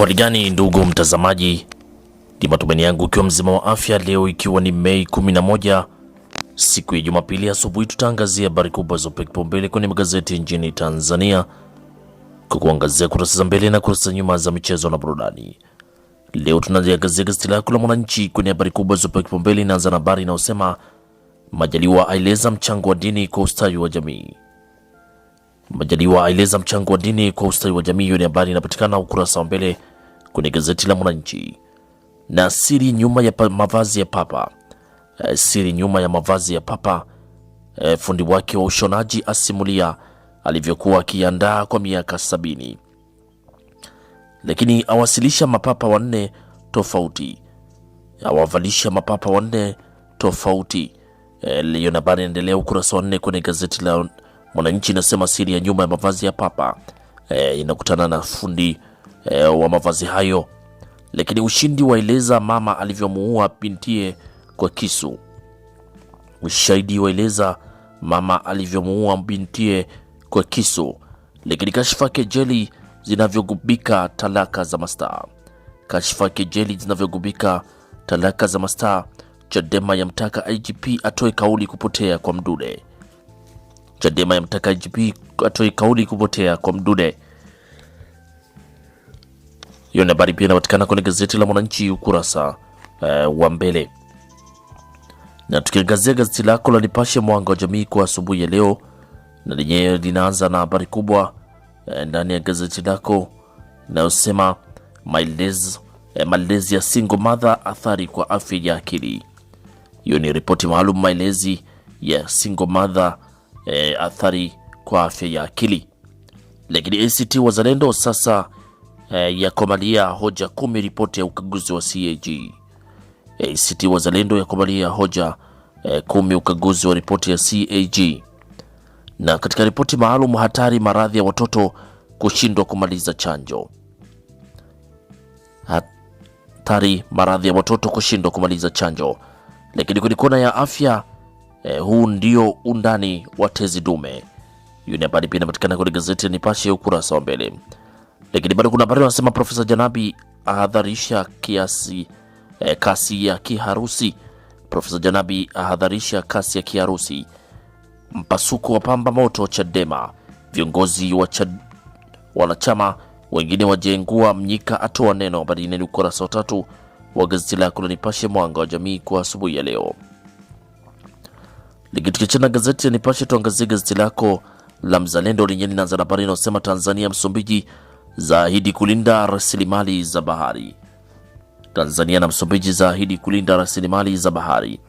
Habari gani ndugu mtazamaji, ni matumaini yangu ukiwa mzima wa afya. Leo ikiwa ni Mei 11 siku ya Jumapili asubuhi, tutaangazia habari kubwa zopewa kipaumbele kwenye magazeti nchini Tanzania, kwa kuangazia kurasa za mbele na kurasa za nyuma za michezo na burudani. Leo tunaliangazia gazeti lako la Mwananchi kwenye habari kubwa zopewa kipaumbele. Inaanza na habari inayosema Majaliwa aeleza mchango wa dini kwa ustawi wa jamii. Majaliwa aeleza mchango wa dini kwa ustawi wa jamii. Hiyo ni habari inapatikana ukurasa wa mbele kwenye gazeti la Mwananchi. Na siri nyuma ya mavazi ya papa, e, siri nyuma ya mavazi ya papa. E, fundi wake wa ushonaji asimulia alivyokuwa akiandaa kwa miaka sabini, lakini awasilisha mapapa wanne tofauti, awavalisha mapapa wanne tofauti. E, leo habari inaendelea ukurasa wa nne kwenye gazeti la Mwananchi inasema siri ya nyuma ya mavazi ya papa e, inakutana na fundi e, wa mavazi hayo, lakini ushindi waeleza mama alivyomuua bintie kwa kisu. Ushahidi waeleza mama alivyomuua bintie kwa kisu, lakini kashfa kejeli zinavyogubika talaka za mastaa. Kashfa kejeli zinavyogubika talaka za mastaa. Chadema yamtaka IGP atoe kauli kupotea kwa Mdude. Chadema yamtaka IGP atoe kauli kupotea kwa Mdude. Hiyo ni habari pia inapatikana kwenye gazeti la Mwananchi ukurasa uh, wa mbele. Na tukiangazia gazeti lako la Nipashe mwanga wa jamii kwa asubuhi ya leo, na lenyewe linaanza na habari kubwa eh, ndani ya gazeti lako inayosema eh, malezi eh, ya single mother athari kwa afya ya akili. Hiyo ni ripoti maalum maelezi ya single mother eh, athari kwa afya ya akili. Lakini ACT Wazalendo sasa Eh, ya yakomalia hoja kumi ripoti ya ukaguzi wa CAG. ACT eh, Wazalendo ya komalia hoja eh, kumi ukaguzi wa ripoti ya CAG. Na katika ripoti maalum hatari maradhi ya watoto kushindwa kumaliza chanjo, hatari maradhi ya watoto kushindwa kumaliza chanjo. Lakini kwenye kona ya afya huu ndio undani wa tezi dume. Hiyo ni habari pia inapatikana kwenye gazeti ya Nipashe ukurasa wa mbele. Lakini bado kuna habari wanasema Profesa Janabi ahadharisha kiasi eh, kasi ya kiharusi. Profesa Janabi ahadharisha kasi ya kiharusi. Mpasuko wa pamba moto Chadema, viongozi wa chad... wanachama wengine wajengua. Mnyika atoa neno. Habari ni ukurasa wa tatu wa gazeti lako la Nipashe mwanga wa jamii kwa asubuhi ya leo. Lakini tukiachana gazeti ya Nipashe, tuangazie gazeti lako la Mzalendo lenye linaanza na habari inayosema Tanzania Msumbiji zaahidi kulinda rasilimali za bahari. Tanzania na Msumbiji zaahidi kulinda rasilimali za bahari.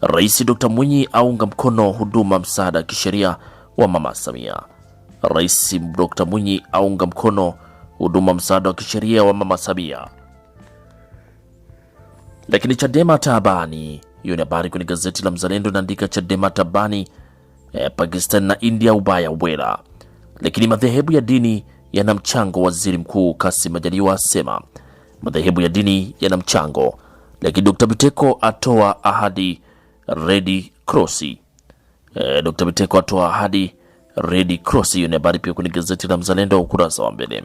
Rais Dr. Mwinyi aunga mkono huduma msaada kisheria wa Mama Samia. Rais Dr. Mwinyi aunga mkono huduma msaada wa kisheria wa Mama Samia. Lakini Chadema tabani, Hiyo ni habari kwenye gazeti la Mzalendo, naandika Chadema tabani, Eh, Pakistan na India ubaya ubwela. Lakini madhehebu ya dini yana mchango, waziri mkuu Kassim Majaliwa asema madhehebu ya dini yana mchango, lakini Dr. Biteko atoa ahadi Red Cross. E, eh, Dr. Biteko atoa ahadi Red Cross. Hiyo ni habari pia kwenye gazeti la Mzalendo ukurasa wa mbele.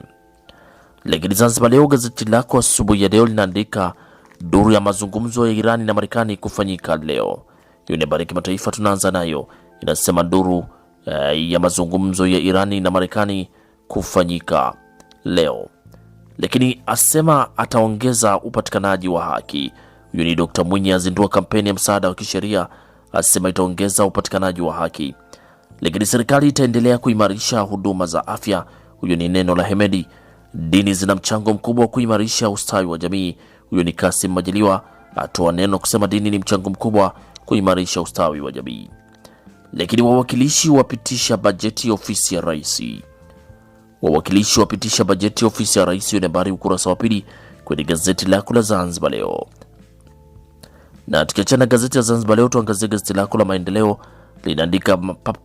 Lakini Zanzibar Leo, gazeti lako asubuhi ya leo linaandika duru ya mazungumzo ya Irani na Marekani kufanyika leo. Hiyo ni habari kimataifa, tunaanza nayo, inasema duru eh, ya mazungumzo ya Irani na Marekani kufanyika leo, lakini asema ataongeza upatikanaji wa haki. Huyo ni Dr. Mwinyi azindua kampeni ya msaada wa kisheria, asema itaongeza upatikanaji wa haki, lakini serikali itaendelea kuimarisha huduma za afya. Huyo ni neno la Hemedi. Dini zina mchango mkubwa wa kuimarisha ustawi wa jamii. Huyo ni Kasim Majaliwa atoa neno kusema dini ni mchango mkubwa kuimarisha ustawi wa jamii. Lakini wawakilishi wapitisha bajeti ofisi ya raisi Wawakilishi wapitisha bajeti ofisi ya rais, hiyo ni habari ukurasa wa pili kwenye gazeti lako la Zanzibar Leo. Na tukiachana gazeti la Zanzibar Leo, tuangazie gazeti lako la Maendeleo linaandika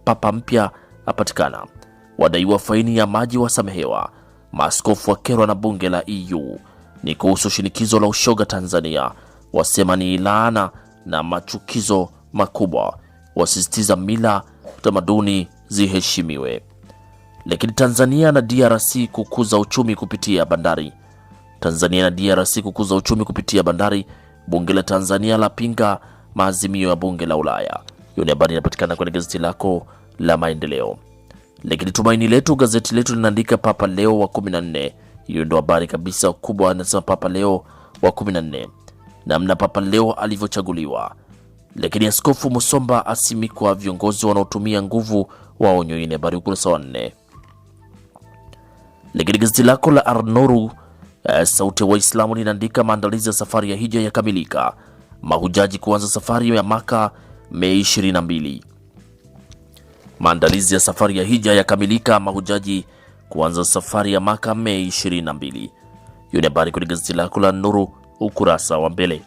papa mpya apatikana, wadaiwa faini ya maji wasamehewa, maaskofu wakerwa na bunge la EU. Ni kuhusu shinikizo la ushoga Tanzania, wasema ni laana na machukizo makubwa, wasisitiza mila tamaduni ziheshimiwe lakini Tanzania na DRC kukuza uchumi kupitia bandari. Tanzania na DRC kukuza uchumi kupitia bandari. Bunge la Tanzania lapinga maazimio ya bunge la Ulaya. Hiyo ni habari inapatikana kwenye gazeti lako la Maendeleo. Lakini Tumaini Letu, gazeti letu linaandika Papa Leo wa 14. Hiyo ndio habari kabisa kubwa, anasema Papa Leo wa 14, namna Papa Leo alivyochaguliwa. Lakini Askofu Musomba asimikwa, viongozi wanaotumia nguvu waonyo. Hii ni habari ukurasa wa nne. Lakini gazeti lako la Arnuru e, eh, sauti ya Waislamu linaandika maandalizi ya safari ya hija yakamilika, mahujaji kuanza safari ya Maka Mei 22. Maandalizi ya safari ya hija yakamilika, mahujaji kuanza safari ya Maka Mei 22. Hiyo ni habari kwenye gazeti lako la Nuru ukurasa wa mbele.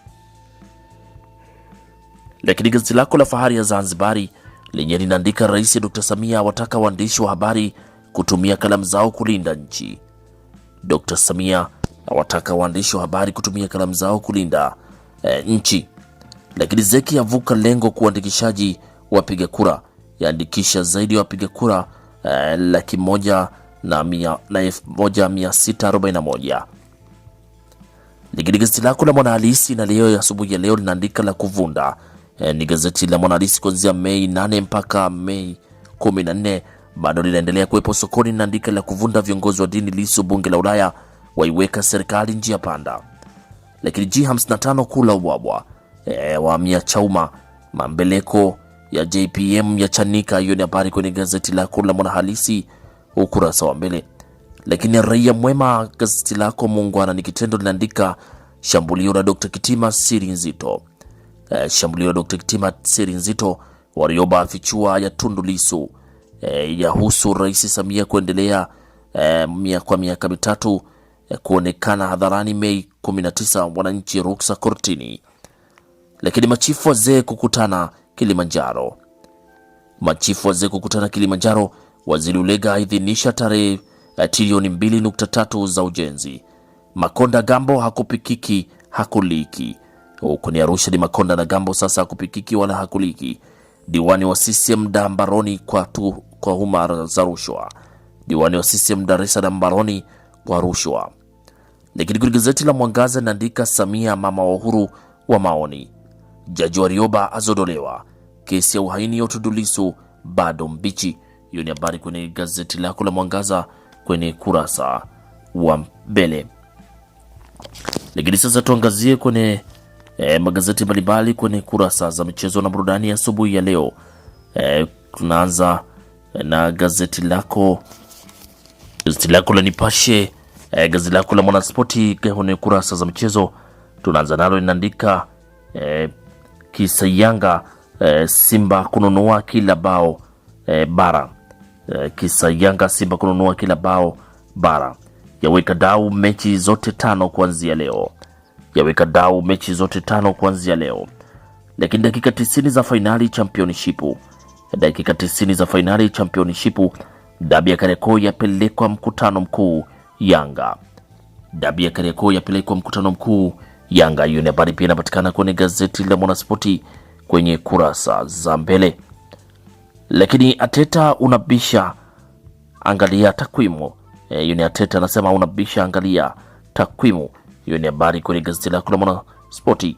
Lakini gazeti lako la Fahari ya Zanzibari lenye linaandika Rais Dr. Samia wataka waandishi wa habari kutumia kalamu zao kulinda nchi. Dr. Samia awataka waandishi wa habari kutumia kalamu zao kulinda e, nchi. Lakini Zeki yavuka lengo kuandikishaji wapiga kura, yaandikisha zaidi ya wapiga kura e, laki moja na mia, na elfu moja mia sita arobaini na moja. Lakini gazeti lako la Mwanahalisi na leo asubuhi ya leo linaandika la kuvunda e, ni gazeti la Mwanahalisi kuanzia Mei 8 mpaka Mei 14 bado linaendelea kuwepo sokoni na andika la kuvunda viongozi wa dini lisu bunge la Ulaya waiweka serikali njia panda. Lakini G55 kula ubwabwa e, wahamia chauma mambeleko ya JPM ya chanika. Hiyo ni habari kwenye gazeti lako la Mwanahalisi ukurasa wa mbele. Lakini Raia Mwema, gazeti lako Muungwana ni kitendo, linaandika shambulio la Dr. Kitima siri nzito. E, shambulio la Dr. Kitima siri nzito, Warioba afichua ya Tundu Lisu e, yahusu Rais Samia kuendelea e, mia, kwa miaka mitatu e, kuonekana hadharani Mei 19, wananchi ruksa kortini. Lakini machifu wazee kukutana Kilimanjaro. Machifu wazee kukutana Kilimanjaro. Waziri Ulega aidhinisha tarehe trilioni 2.3 za ujenzi. Makonda Gambo hakupikiki hakuliki. Huku ni Arusha ni Makonda na Gambo sasa hakupikiki wala hakuliki. Diwani wa CCM da mbaroni kwa, tu, kwa huma za rushwa. Diwani wa CCM Dar es Salaam mbaroni kwa rushwa. Lakini kwenye gazeti la Mwangaza naandika Samia mama wa uhuru wa maoni, Jaji Warioba azodolewa, kesi ya uhaini ya Tundu Lissu bado mbichi. Hiyo ni habari kwenye gazeti lako la Mwangaza kwenye kurasa wa mbele. Lakini sasa tuangazie kwenye e, magazeti mbalimbali kwenye kurasa za michezo na burudani asubuhi ya, ya leo. E, tunaanza eh, na gazeti lako gazeti lako la Nipashe e, gazeti lako la Mwanaspoti kwenye kurasa za michezo tunaanza nalo linaandika e, kisa Yanga e, Simba kununua kila bao e, bara e, kisa Yanga Simba kununua kila bao bara yaweka dau mechi zote tano kuanzia leo yaweka dau mechi zote tano kuanzia leo, lakini dakika 90 za fainali championship dakika 90 za fainali championship dabi ya Kariakoo yapelekwa mkutano mkuu Yanga. Dabi ya Kariakoo yapelekwa mkutano mkuu Yanga. Hiyo ni habari pia inapatikana kwenye gazeti la Mwanaspoti kwenye kurasa za mbele. Lakini Ateta unabisha, angalia takwimu. Eh, hiyo e, ni Ateta anasema unabisha, angalia takwimu. Hiyo ni habari kwenye gazeti lako la Mwanaspoti.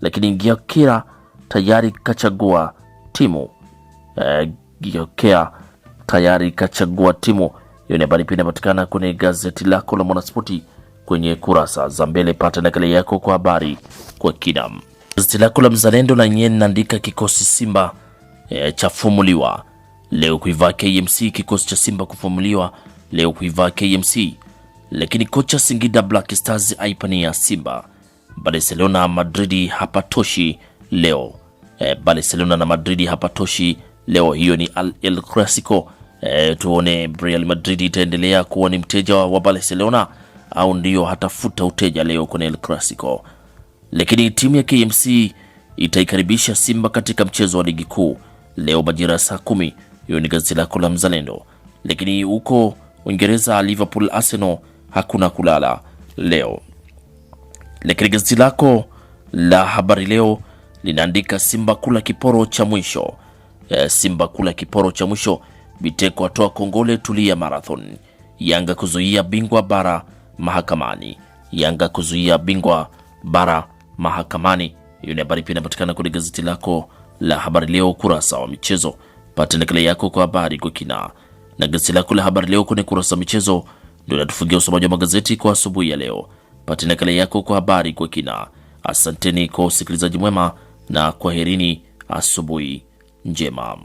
Lakini Giokera tayari kachagua timu e, eh, Giokera tayari kachagua timu. Hiyo ni habari pia inapatikana kwenye gazeti lako la Mwanaspoti kwenye kurasa za mbele. Pata nakala yako kwa habari kwa kina. Gazeti lako la Mzalendo na nyenye naandika kikosi Simba e, eh, cha fumuliwa leo kuivaa KMC. Kikosi cha Simba kufumuliwa leo kuivaa KMC lakini kocha Singida Black Stars aipania Simba. Barcelona Madridi hapatoshi leo e, Barcelona na Madridi hapatoshi leo. Hiyo ni al el Clasico. E, tuone Real Madrid itaendelea kuwa ni mteja wa Barcelona au ndio hatafuta uteja leo kwenye el Clasico. Lakini timu ya KMC itaikaribisha Simba katika mchezo wa ligi kuu leo majira ya saa kumi. Hiyo ni gazeti lako la Mzalendo. Lakini huko Uingereza, Liverpool Arsenal hakuna kulala leo. Lakini gazeti lako la Habari Leo linaandika Simba kula kiporo cha mwisho. E, Simba kula kiporo cha mwisho. Biteko atoa kongole tulia marathon. Yanga kuzuia bingwa bara mahakamani. Yanga kuzuia bingwa bara mahakamani. Hiyo ni habari pia inapatikana kwenye gazeti lako la Habari Leo kurasa wa michezo. Pata nakala yako kwa habari kwa kina na gazeti lako la Habari Leo kwenye kurasa wa michezo. Ndio natufungia usomaji wa magazeti kwa asubuhi ya leo. pate nakala yako kwa habari kwa kina. Asanteni kwa usikilizaji mwema na kwaherini, asubuhi njema.